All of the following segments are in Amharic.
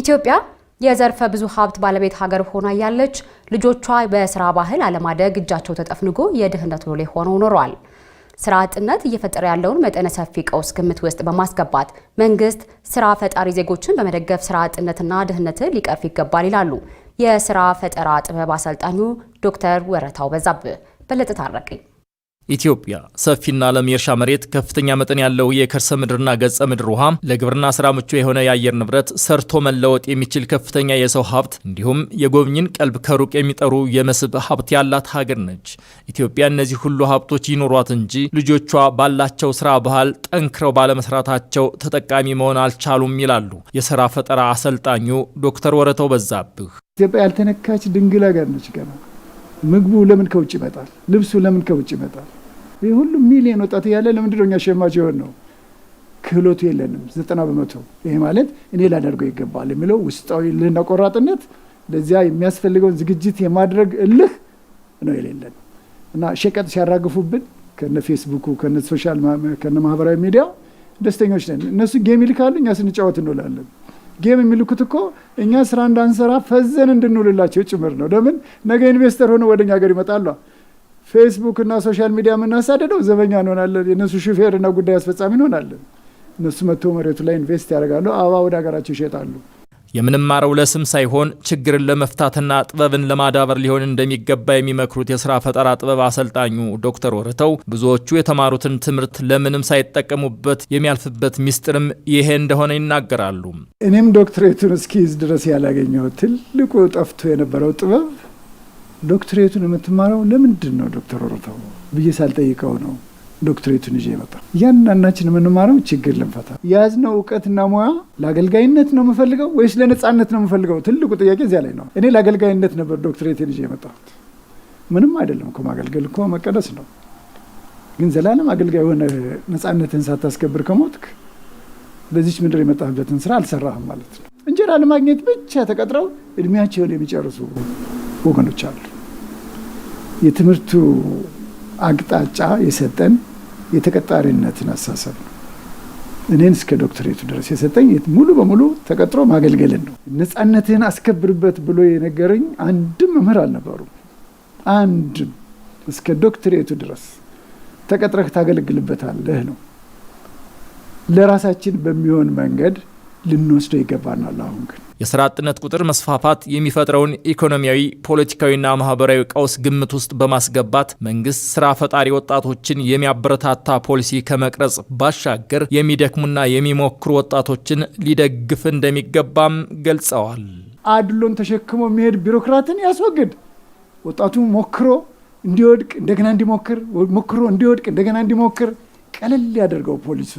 ኢትዮጵያ የዘርፈ ብዙ ሀብት ባለቤት ሀገር ሆና ያለች ልጆቿ በስራ ባህል አለማደግ እጃቸው ተጠፍንጎ የድህነት ሎሌ ሆነው ኖሯል። ስራ አጥነት እየፈጠረ ያለውን መጠነ ሰፊ ቀውስ ግምት ውስጥ በማስገባት መንግስት ስራ ፈጣሪ ዜጎችን በመደገፍ ስራ አጥነትና ድህነትን ሊቀርፍ ይገባል ይላሉ የስራ ፈጠራ ጥበብ አሰልጣኙ ዶክተር ወረታው በዛብህ በለጥታ አረቀኝ። ኢትዮጵያ ሰፊና ለም የእርሻ መሬት ከፍተኛ መጠን ያለው የከርሰ ምድርና ገጸ ምድር ውሃ ለግብርና ስራ ምቹ የሆነ የአየር ንብረት ሰርቶ መለወጥ የሚችል ከፍተኛ የሰው ሀብት እንዲሁም የጎብኝን ቀልብ ከሩቅ የሚጠሩ የመስህብ ሀብት ያላት ሀገር ነች። ኢትዮጵያ እነዚህ ሁሉ ሀብቶች ይኖሯት እንጂ ልጆቿ ባላቸው ስራ ባህል ጠንክረው ባለመስራታቸው ተጠቃሚ መሆን አልቻሉም ይላሉ የስራ ፈጠራ አሰልጣኙ ዶክተር ወረተው በዛብህ። ኢትዮጵያ ያልተነካች ድንግል ሀገር ነች። ገና ምግቡ ለምን ከውጭ ይመጣል? ልብሱ ለምን ከውጭ ይመጣል? ሁሉ ሚሊዮን ወጣት እያለ ለምንድ ነው እኛ ሸማች የሆን ነው? ክህሎቱ የለንም ዘጠና በመቶ። ይሄ ማለት እኔ ላደርገው ይገባል የሚለው ውስጣዊ ልህና ቆራጥነት፣ ለዚያ የሚያስፈልገውን ዝግጅት የማድረግ እልህ ነው የሌለን እና ሸቀጥ ሲያራግፉብን ከነ ፌስቡኩ ከነ ሶሻል ከነ ማህበራዊ ሚዲያ ደስተኞች ነን። እነሱ ጌም ይልካሉ፣ እኛ ስንጫወት እንውላለን። ጌም የሚልኩት እኮ እኛ ስራ እንዳንሰራ ፈዘን እንድንውልላቸው ጭምር ነው። ለምን ነገ ኢንቨስተር ሆነ ወደኛ ሀገር ይመጣሉ። ፌስቡክ እና ሶሻል ሚዲያ የምናሳደደው ዘበኛ እንሆናለን። የእነሱ ሹፌር እና ጉዳይ አስፈጻሚ እንሆናለን። እነሱ መጥተው መሬቱ ላይ ኢንቨስት ያደርጋሉ፣ አበባ ወደ ሀገራቸው ይሸጣሉ። የምንማረው ለስም ሳይሆን ችግርን ለመፍታትና ጥበብን ለማዳበር ሊሆን እንደሚገባ የሚመክሩት የስራ ፈጠራ ጥበብ አሰልጣኙ ዶክተር ወረተው ብዙዎቹ የተማሩትን ትምህርት ለምንም ሳይጠቀሙበት የሚያልፍበት ሚስጥርም ይሄ እንደሆነ ይናገራሉ። እኔም ዶክትሬቱን እስኪይዝ ድረስ ያላገኘው ትልቁ ጠፍቶ የነበረው ጥበብ ዶክትሬቱን የምትማረው ለምንድን ነው ዶክተር ወሮታው ብዬ ሳልጠይቀው ነው ዶክትሬቱን ይዤ መጣ። እያንዳንዳችን የምንማረው ችግር ልንፈታ የያዝነው እውቀትና ሙያ ለአገልጋይነት ነው የምፈልገው ወይስ ለነፃነት ነው የምፈልገው? ትልቁ ጥያቄ እዚያ ላይ ነው። እኔ ለአገልጋይነት ነበር ዶክትሬቴን ይዤ የመጣሁት ምንም አይደለም እኮ ማገልገል እኮ መቀደስ ነው። ግን ዘላለም አገልጋይ የሆነ ነፃነትን ሳታስከብር ከሞትክ በዚች ምድር የመጣህበትን ስራ አልሰራህም ማለት ነው። እንጀራ ለማግኘት ብቻ ተቀጥረው እድሜያቸውን የሚጨርሱ ወገኖች አሉ። የትምህርቱ አቅጣጫ የሰጠን የተቀጣሪነትን አሳሰብ ነው። እኔን እስከ ዶክትሬቱ ድረስ የሰጠኝ ሙሉ በሙሉ ተቀጥሮ ማገልገልን ነው። ነፃነትህን አስከብርበት ብሎ የነገረኝ አንድም መምህር አልነበሩም። አንድም እስከ ዶክትሬቱ ድረስ ተቀጥረህ ታገለግልበታለህ ነው። ለራሳችን በሚሆን መንገድ ልንወስደው ይገባናል። አሁን ግን የስራ አጥነት ቁጥር መስፋፋት የሚፈጥረውን ኢኮኖሚያዊ፣ ፖለቲካዊና ማህበራዊ ቀውስ ግምት ውስጥ በማስገባት መንግስት ስራ ፈጣሪ ወጣቶችን የሚያበረታታ ፖሊሲ ከመቅረጽ ባሻገር የሚደክሙና የሚሞክሩ ወጣቶችን ሊደግፍ እንደሚገባም ገልጸዋል። አድሎን ተሸክሞ የሚሄድ ቢሮክራትን ያስወግድ። ወጣቱ ሞክሮ እንዲወድቅ እንደገና እንዲሞክር ሞክሮ እንዲወድቅ እንደገና እንዲሞክር ቀለል ያደርገው ፖሊሲ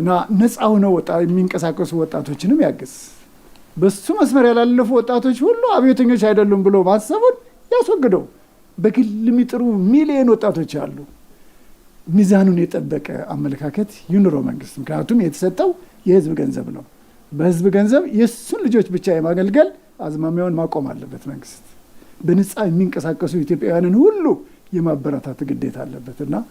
እና ነፃ ሆነው የሚንቀሳቀሱ ወጣቶችንም ያግዝ። በሱ መስመር ያላለፉ ወጣቶች ሁሉ አብዮተኞች አይደሉም ብሎ ማሰቡን ያስወግደው። በግል የሚጥሩ ሚሊዮን ወጣቶች አሉ። ሚዛኑን የጠበቀ አመለካከት ይኑረው መንግስት። ምክንያቱም የተሰጠው የህዝብ ገንዘብ ነው። በህዝብ ገንዘብ የእሱን ልጆች ብቻ የማገልገል አዝማሚያውን ማቆም አለበት መንግስት። በነፃ የሚንቀሳቀሱ ኢትዮጵያውያንን ሁሉ የማበረታት ግዴታ አለበት እና